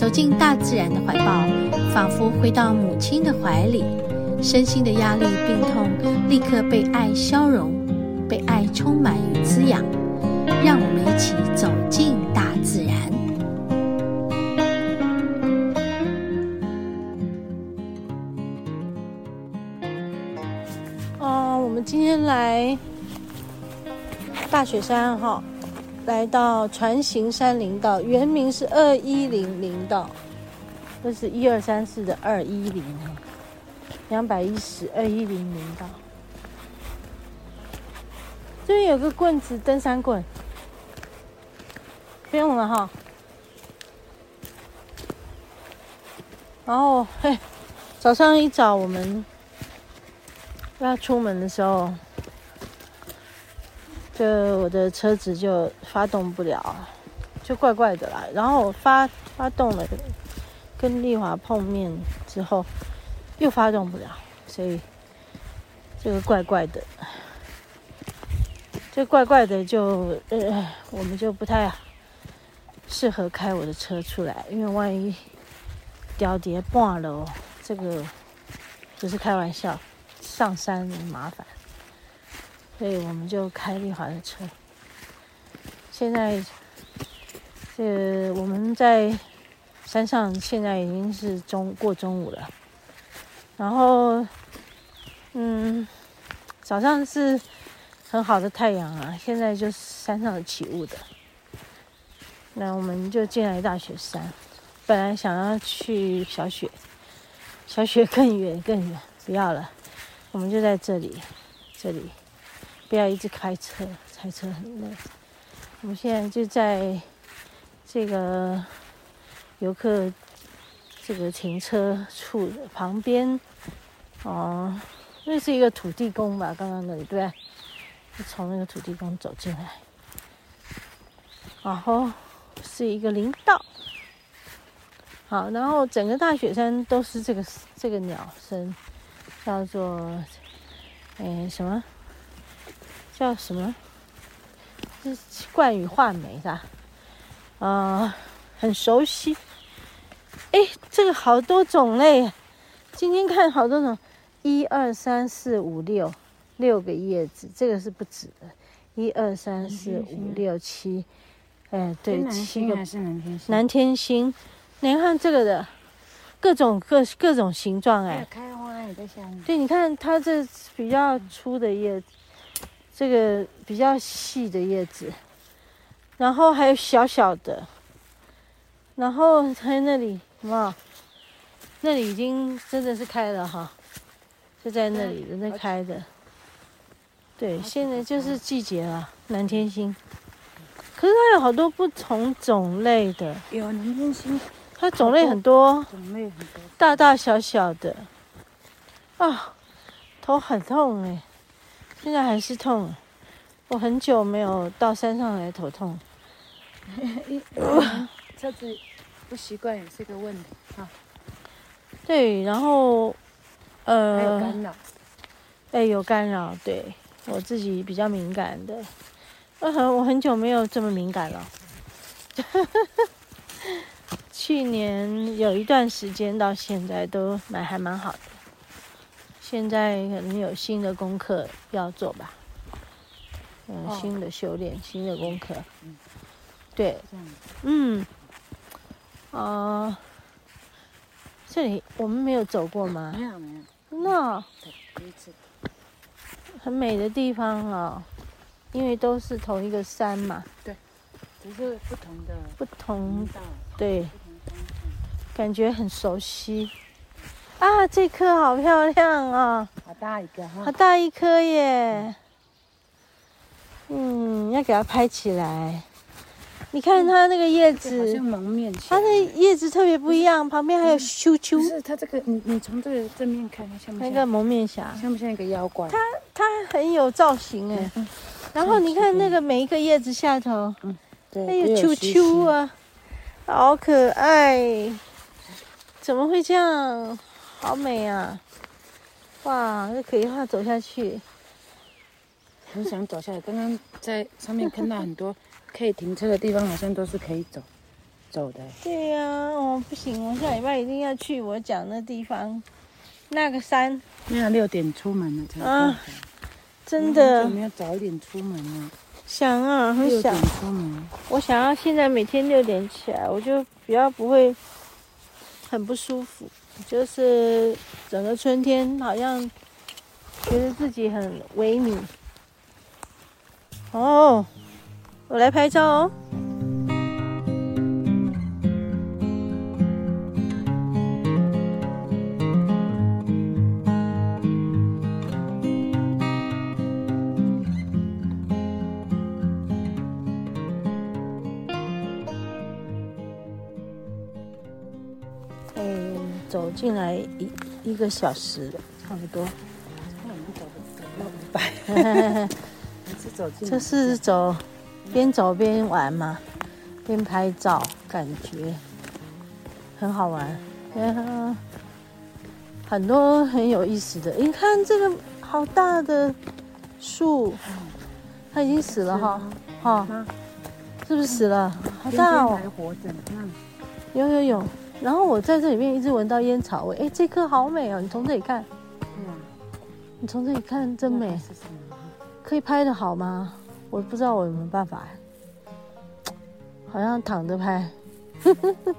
走進大自然的懷抱，仿佛回到母親的懷裡，身心的壓力、病痛立刻被愛消融，被愛充滿與滋養。讓我們一起走進大自然。嗯、呃，我們今天來大雪山哈、哦。來到船形山林道，原名是二一零零道，這是一二三四的二一零哈，兩百一十二一零零道。這邊有個棍子，登山棍，不用了哈。然後，嘿，早上一早我們要出門的時候。就我的車子就發動不了，就怪怪的啦。然後發發動了，跟麗華碰面之後又發動不了，所以這個怪怪的，這怪怪的就呃，我們就不太適合開我的車出來，因為萬一掉跌了哦，這個只是開玩笑，上山麻煩。所以我們就開麗華的車。現在，呃，我們在山上，現在已經是中過中午了。然後，嗯，早上是很好的太陽啊，現在就是山上起霧的。那我們就進來大雪山，本來想要去小雪，小雪更遠更遠，不要了，我們就在這裡，這裡。不要一直開車，開車很累。我們現在就在這個遊客這個停車處旁邊，哦，那是一個土地公吧？剛剛那裡對吧？就從那個土地公走進來，然後是一個林道。好，然後整個大雪山都是這個這個鳥聲，叫做嗯什麼？叫什麼？這是冠羽畫眉是吧？啊、呃，很熟悉。哎，這個好多種類，今天看好多種。一二三四五六，六個葉子，這個是不止的。一二三四五六七，哎，對，七個。南天星還是南天星，你看這個的，各種各各種形狀哎、欸。開花也在下面。對，你看它這比較粗的葉子。這個比較細的葉子，然後還有小小的，然後還有那裡什麼？那裡已經真的是開了哈，就在那裡，人在開的。對，現在就是季節了，南天星，可是它有好多不同種類的，有南天星，它種類很多，種類很多，大大小小的。啊、哦，頭很痛哎、欸。現在還是痛，我很久沒有到山上來頭痛。這、嗯、次、欸、不習慣也是個問題啊。對，然後呃有、欸，有干擾，哎，有干擾，對我自己比較敏感的。嗯，我很久沒有這麼敏感了。嗯、 去年有一段時間到現在都蠻還蠻好的。現在可能有新的功課要做吧，嗯，新的修煉，新的功課、嗯。對，這樣嗯，啊、呃，這裡我們沒有走過嗎？沒有，沒有。那、no、很美的地方啊、哦，因為都是同一個山嘛。對，只、就是不同的不同。不同的。對，感覺很熟悉。啊，這棵好漂亮啊、哦、好大一個哈，好大一棵耶嗯！嗯，要給它拍起來。嗯、你看它那個葉子，這個、像蒙面，它的葉子特別不一樣，嗯、旁邊還有丘丘。嗯、是它這個，你你從這個正面看，像不像？一、那個蒙面俠，像不像一個妖怪？它它很有造型誒、嗯、然後你看那個每一個葉子下頭，嗯，對，還有丘丘啊，啊，好可愛。怎麼會這樣？好美呀、啊！哇，這可以的話走下去。很想走下來。 剛剛在上面看到很多可以停車的地方，好像都是可以走走的。對呀、啊，哦，不行，我下禮拜一定要去我講的地方，那個山。那要六點出門了才正、啊、真的。我們要早一點出門啊。想啊，很想。出門。我想要現在每天六點起來，我就比較不會很不舒服。就是整個春天，好像覺得自己很萎靡。哦，我來拍照哦。進來一一個小時差不多。這是走，邊走邊玩嘛，邊拍照，感覺很好玩，嗯。很多很有意思的，你看這個好大的樹，它已經死了哈哈，哦，是不是死了？好大哦。有有有。然後我在這裡面一直聞到煙草味，哎，這棵好美哦！你從這裡看，嗯、你從這裡看真美，可以拍得好嗎？我不知道我有沒有辦法，好像躺着拍，呵 呵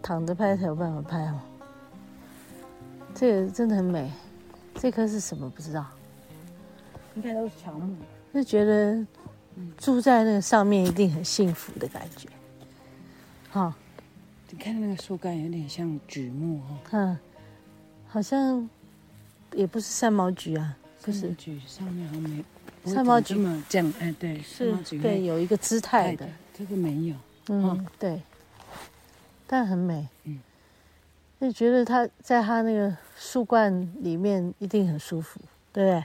躺着拍才有辦法拍哦、啊。這個真的很美，這棵是什麼不知道？應該都是喬木。就覺得住在那個上面一定很幸福的感覺，好。你看那個樹幹有點像櫸木哈、哦啊，好像也不是山毛櫸啊，不是，櫸上面還沒，山毛櫸嘛，這樣哎，對，是毛櫸，對，有一個姿態的，哎、這個沒有嗯，嗯，對，但很美，嗯，就覺得它在它那個樹冠裡面一定很舒服，對不對？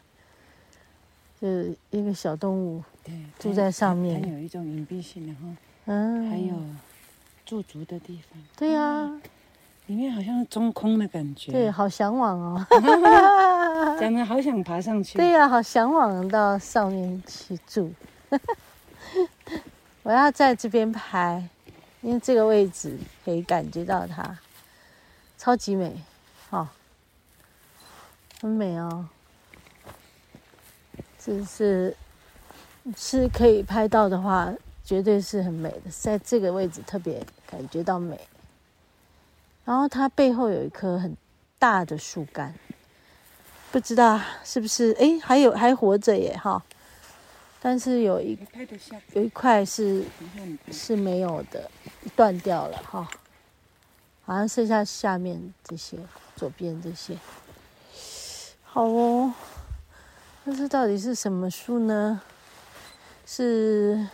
就是一個小動物對，對，住在上面，還有一種隱蔽性的哈、哦，嗯，還有。駐足的地方，對呀、啊，嗯，裡面好像是中空的感覺，對，好向往哦， 講得好想爬上去，對呀、啊，好向往到上面去住， 我要在這邊拍，因為這個位置可以感覺到它超級美，好、哦，很美哦，就是是可以拍到的話。絕對是很美的，在這個位置特別感覺到美。然後它背後有一棵很大的樹幹，不知道是不是？哎，還有還活着耶哈！但是有一你看你看有一塊是是沒有的，斷掉了哈。好像剩下下面這些，左邊這些。好哦，但是到底是什麼樹呢？是。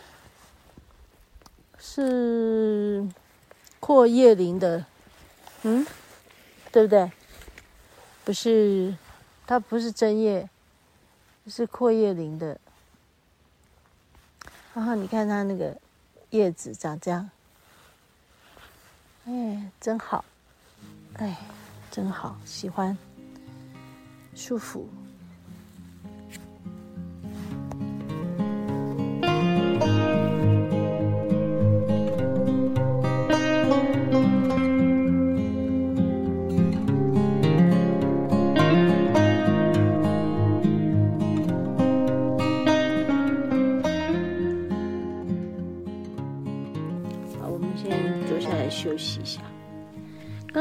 是闊葉林的，嗯，對不對？不是，它不是針葉，是闊葉林的。然後你看它那個葉子長這樣，哎，真好，哎，真好，喜歡，舒服。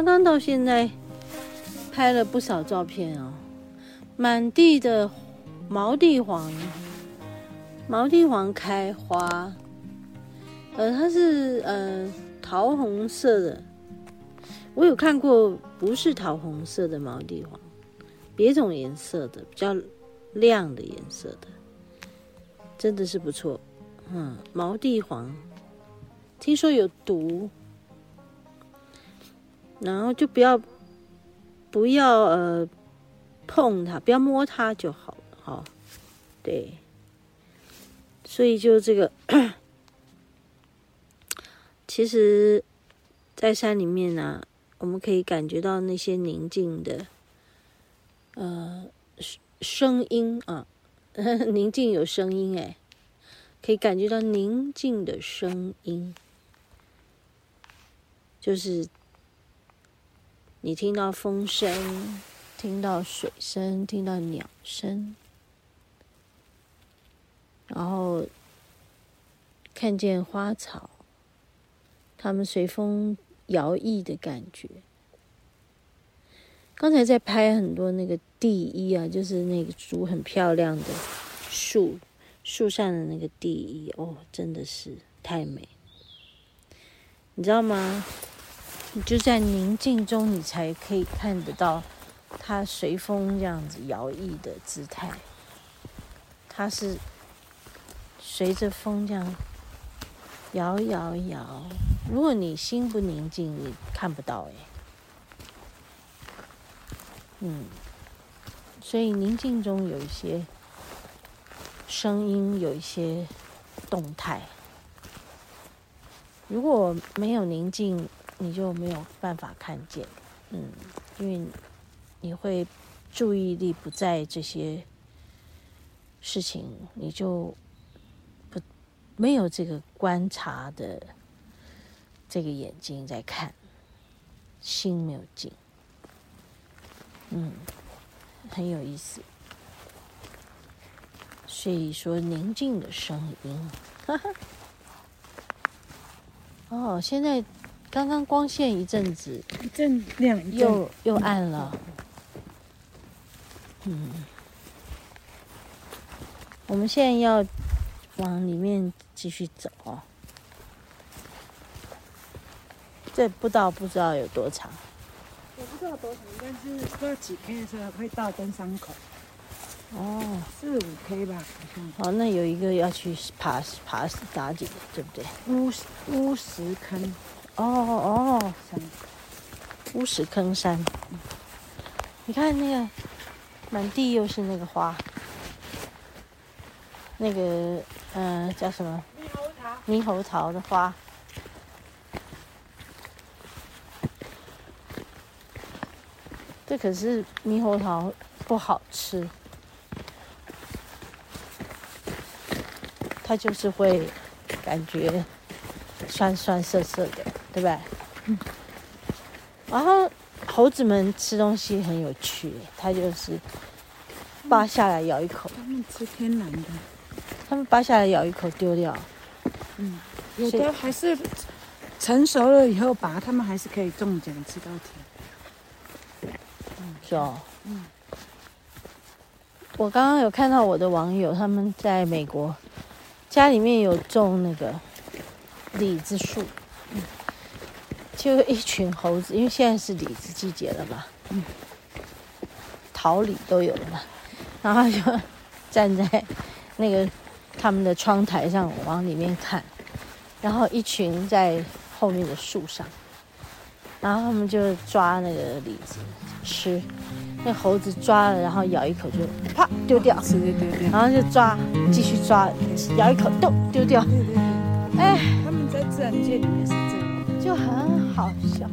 剛剛到現在拍了不少照片哦，滿地的毛地黃，毛地黃開花，呃，它是呃桃紅色的。我有看過不是桃紅色的毛地黃，別種顏色的，比較亮的顏色的，真的是不錯。嗯，毛地黃，聽說有毒。然後就不要，不要呃，碰它，不要摸它就好了，哈，對。所以就這個，其實，在山裡面呢，啊，我們可以感覺到那些寧靜的，呃，聲音啊，呵呵，寧靜有聲音哎，可以感覺到寧靜的聲音，就是。你聽到風聲，聽到水聲，聽到鳥聲，然後看見花草，它們隨風搖曳的感覺。剛才在拍很多那個地衣啊，就是那個株很漂亮的樹樹上的那個地衣哦，真的是太美。你知道嗎？你就在寧靜中，你才可以看得到它隨風這樣子搖曳的姿態。它是隨着風這樣搖搖搖。如果你心不寧靜，你看不到誒、欸，嗯，所以寧靜中有一些聲音，有一些動態。如果沒有寧靜，你就沒有辦法看見，嗯，因為你會注意力不在這些事情，你就不沒有這個觀察的這個眼睛在看，心沒有靜，嗯，很有意思。所以說寧靜的聲音，哈哈，哦，現在。剛剛光線一陣子，一陣亮，又又暗了。Okay. 嗯，我們現在要往裡面繼續走，這步道不知道不知道有多長。我不知道多長，但是不知道幾 K 的時候會到登山口。哦，四五 K 吧，好像。好，那有一個要去爬爬，爬打己的，對不對？對，烏烏石坑。哦哦，哦，烏石坑山，你看那個滿地又是那個花，那個嗯、呃、叫什麼？獼猴桃。獼猴桃的花，這可是獼猴桃不好吃，它就是會感覺酸酸澀澀的。對吧？嗯。然後猴子們吃東西很有趣，它就是拔下來咬一口，嗯。他們吃天然的，他們拔下來咬一口丟掉。嗯，有的還是成熟了以後拔，他們還是可以種點吃到甜。嗯，是哦。嗯。我剛剛有看到我的網友，他們在美國家裡面有種那個李子樹。嗯。就一群猴子，因為現在是李子季節了嘛，嗯，桃李都有了嘛，然後就站在那個他們的窗台上往裡面看，然後一群在後面的樹上，然後他們就抓那個李子吃，那猴子抓了然後咬一口就啪丟掉。對對對對，然後就抓繼續抓，咬一口都丟掉，哎，他們在自然界裡面是。就很好笑。